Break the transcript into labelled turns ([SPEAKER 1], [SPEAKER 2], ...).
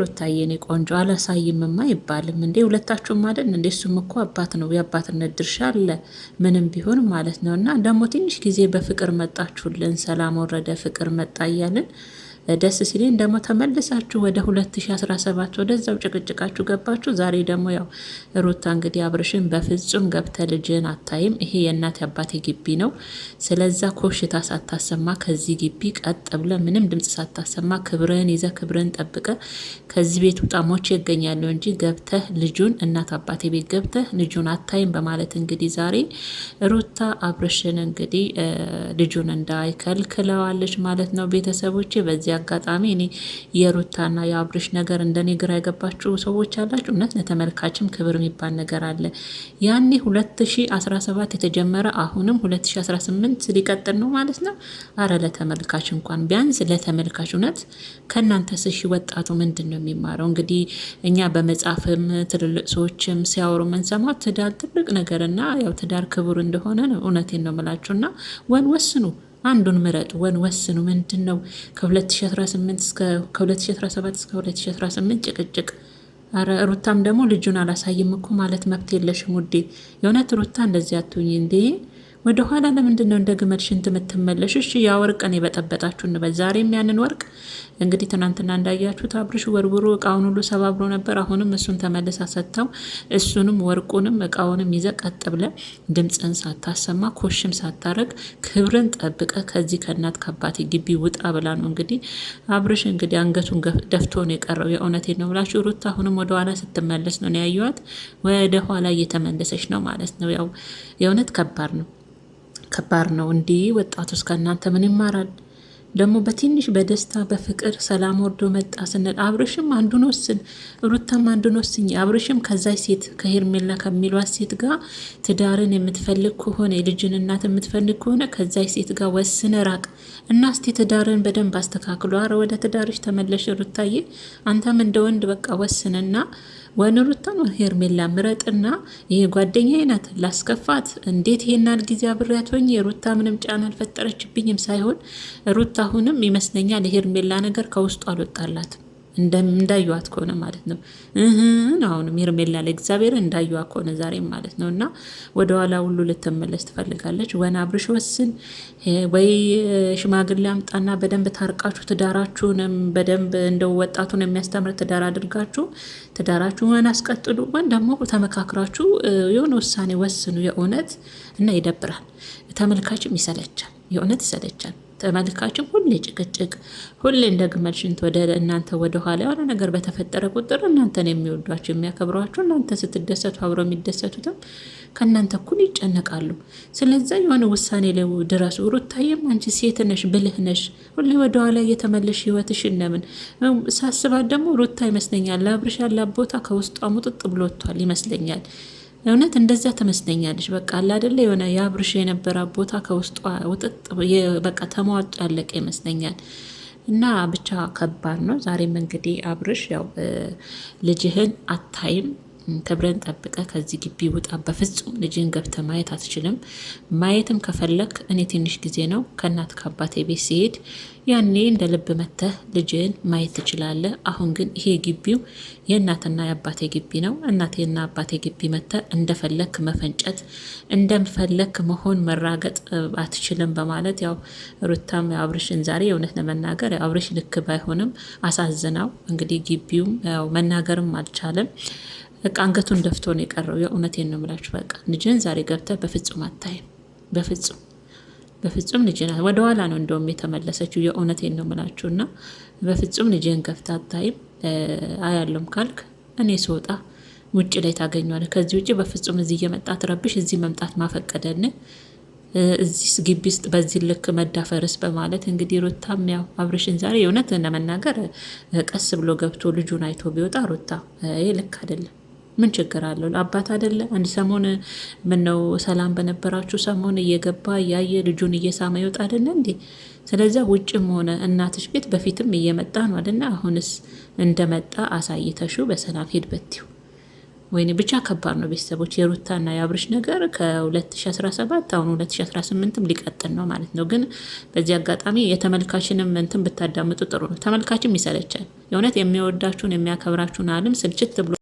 [SPEAKER 1] ሩታዬ የኔ ቆንጆ አላሳይምማ ይባልም እንዴ? ሁለታችሁም አይደል እንዴ? እሱም እኮ አባት ነው፣ የአባትነት ድርሻ አለ ምንም ቢሆን ማለት ነው። እና ደግሞ ትንሽ ጊዜ በፍቅር መጣችሁልን፣ ሰላም ወረደ፣ ፍቅር መጣ እያልን ደስ ሲለኝ ደግሞ ተመልሳችሁ ወደ 2017 ወደዛው ጭቅጭቃችሁ ገባችሁ። ዛሬ ደግሞ ያው ሩታ እንግዲህ አብርሽን በፍጹም ገብተ ልጅን አታይም፣ ይሄ የእናት አባቴ ግቢ ነው። ስለዛ ኮሽታ ሳታሰማ ከዚህ ግቢ ቀጥ ብለ ምንም ድምጽ ሳታሰማ ክብርህን ይዘ ክብርህን ጠብቀ ከዚህ ቤት ውጣሞች ይገኛለሁ እንጂ ገብተህ ልጁን እናት አባቴ ቤት ገብተህ ልጁን አታይም በማለት እንግዲህ ዛሬ ሩታ አብርሽን እንግዲህ ልጁን እንዳይከልክለዋለች ማለት ነው ቤተሰቦቼ በዚ በዚህ አጋጣሚ እኔ የሩታና የአብርሽ ነገር እንደኔ ግራ የገባችሁ ሰዎች አላችሁ። እውነት ለተመልካችም ክብር የሚባል ነገር አለ። ያኔ 2017 የተጀመረ አሁንም 2018 ሊቀጥል ነው ማለት ነው። አረ ለተመልካች እንኳን ቢያንስ ለተመልካች እውነት ከእናንተ ስሺ ወጣቱ ምንድን ነው የሚማረው? እንግዲህ እኛ በመጻፍም ትልልቅ ሰዎችም ሲያወሩ የምንሰማው ትዳር ትልቅ ነገርና ያው ትዳር ክቡር እንደሆነ እውነቴን ነው የምላችሁና ወን ወስኑ አንዱን ምረጡ፣ ወን ወስኑ። ምንድን ነው ከ2018 እስከ 2018 ጭቅጭቅ። ሩታም ደግሞ ልጁን አላሳይም እኮ ማለት መብት የለሽም ውዴ። የእውነት ሩታ እንደዚያ አትሁኝ እንዴ! ወደ ኋላ ለምንድን ነው እንደ ግመል ሽንት የምትመለሹ? እሺ ያ ወርቅ እኔ በጠበጣችሁ እንበል። ዛሬም ያንን ወርቅ እንግዲህ ትናንትና እንዳያችሁት አብርሽ ወርውሮ እቃውን ሁሉ ሰባብሮ ነበር። አሁንም እሱን ተመልሳ ሰጥተው እሱንም ወርቁንም እቃውንም ይዘ ቀጥ ብለ ድምፅን ሳታሰማ ኮሽም ሳታረግ ክብርን ጠብቀ ከዚህ ከእናት ከአባቴ ግቢ ውጣ ብላ ነው እንግዲህ አብርሽ እንግዲህ አንገቱን ደፍቶ ነው የቀረው። የእውነቴ ነው ብላችሁ ሩት አሁንም ወደኋላ ስትመለስ ነው ያየዋት። ወደ ኋላ እየተመለሰች ነው ማለት ነው። ያው የእውነት ከባድ ነው። ከባድ ነው። እንዲህ ወጣቶች ከእናንተ ምን ይማራል ደግሞ? በትንሽ በደስታ በፍቅር ሰላም ወርዶ ስንል አብርሽም አንዱን ወስን፣ ሩታም አንዱን ወስኝ። አብርሽም ከዛች ሴት ከሄርሜላ ከሚሏት ሴት ጋር ትዳርን የምትፈልግ ከሆነ የልጅን እናት የምትፈልግ ከሆነ ከዛች ሴት ጋር ወስን፣ ራቅ እና እስቲ ትዳርን በደንብ አስተካክሎ አረ ወደ ትዳርሽ ተመለሽ ሩታዬ። አንተም እንደ ወንድ በቃ ወስንና ወን ሩታም ሄርሜላ ምረጥና ይህ ጓደኛ ይናት ላስከፋት እንዴት ይሄናል ጊዜ አብሬያት ሆኜ የሩታ ምንም ጫና አልፈጠረችብኝም ሳይሆን ሩታ አሁንም ይመስለኛል የሄርሜላ ነገር ከውስጡ አልወጣላት እንዳዩዋት ከሆነ ማለት ነው። አሁን ሄርሜላ ለእግዚአብሔር እንዳዩዋ ከሆነ ዛሬም ማለት ነው እና ወደኋላ ሁሉ ልትመለስ ትፈልጋለች። ወና አብርሽ ወስን ወይ ሽማግሌ አምጣና በደንብ ታርቃችሁ ትዳራችሁንም በደንብ እንደው ወጣቱን የሚያስተምር ትዳር አድርጋችሁ ትዳራችሁን አስቀጥሉ። ወይም ደግሞ ተመካክራችሁ የሆነ ውሳኔ ወስኑ። የእውነት እና ይደብራል። ተመልካችም ይሰለቻል። የእውነት ይሰለቻል። ተመልካችም ሁሌ ጭቅጭቅ፣ ሁሌ እንደ ግመል ሽንት ወደ እናንተ ወደኋላ የሆነ ነገር በተፈጠረ ቁጥር እናንተን የሚወዷቸው የሚያከብሯቸው፣ እናንተ ስትደሰቱ አብረው የሚደሰቱትም ከእናንተ እኩል ይጨነቃሉ። ስለዛ የሆነ ውሳኔ ላይ ድረሱ። ሩታዬም አንቺ ሴት ነሽ፣ ብልህ ነሽ፣ ሁሌ ወደኋላ እየተመለሽ ህይወትሽ እነምን ሳስባት ደግሞ ሩታ ይመስለኛል ለአብርሽ ያላት ቦታ ከውስጧ ሙጥጥ ብሎቷል ይመስለኛል። እውነት እንደዛ ትመስለኛለች በቃ አለ አይደለ የሆነ የአብርሽ የነበረ ቦታ ከውስጧ ውጥጥ በቃ ያለቀ ይመስለኛል። እና ብቻ ከባድ ነው። ዛሬም እንግዲህ አብርሽ ያው ልጅህን አታይም ክብረን ጠብቀ ከዚህ ግቢ ውጣ። በፍጹም ልጅን ገብተ ማየት አትችልም። ማየትም ከፈለክ እኔ ትንሽ ጊዜ ነው ከእናት ከአባቴ ቤት ሲሄድ ያኔ እንደ ልብ መተህ ልጅን ማየት ትችላለህ። አሁን ግን ይሄ ግቢው የእናትና የአባቴ ግቢ ነው። እናቴና አባቴ ግቢ መተህ እንደፈለክ መፈንጨት፣ እንደፈለክ መሆን፣ መራገጥ አትችልም በማለት ያው ሩታም አብርሽን ዛሬ የእውነት ለመናገር አብርሽ ልክ ባይሆንም አሳዝናው እንግዲህ ግቢውም መናገርም አልቻለም። በቃ አንገቱን ደፍቶ ነው የቀረው። የእውነቴን ነው የምላችሁ። በቃ ልጅን ዛሬ ገብተህ በፍጹም አታይም። በፍጹም በፍጹም ልጅን ወደኋላ ነው እንደውም የተመለሰችው። የእውነቴን ነው የምላችሁ እና በፍጹም ልጅን ገብተህ አታይም። አያለም ካልክ እኔ ስወጣ ውጭ ላይ ታገኘዋለህ። ከዚህ ውጭ በፍጹም እዚህ እየመጣት ረብሽ እዚህ መምጣት ማፈቀደን እዚህ ግቢ ውስጥ በዚህ ልክ መዳፈርስ በማለት እንግዲህ ሩታም ያው አብርሽን ዛሬ የእውነት ለመናገር ቀስ ብሎ ገብቶ ልጁን አይቶ ቢወጣ ሩታ ይህ ልክ አይደለም። ምን ችግር አለው? አባት አደለ? አንድ ሰሞን ምን ነው ሰላም በነበራችሁ ሰሞን እየገባ እያየ ልጁን እየሳመ ይወጣ አደለ እንዴ? ስለዚያ ውጭም ሆነ እናትሽ ቤት በፊትም እየመጣ ነው አደለ? አሁንስ እንደመጣ አሳይተሽው በሰላም ሄድ በትው። ወይኔ ብቻ ከባድ ነው። ቤተሰቦች የሩታና የአብርሽ ነገር ከ2017 አሁን 2018ም ሊቀጥል ነው ማለት ነው። ግን በዚህ አጋጣሚ የተመልካችንም እንትን ብታዳምጡ ጥሩ ነው። ተመልካችም ይሰለቻል። የእውነት የሚወዳችሁን የሚያከብራችሁን ዓለም ስልችት ብሎ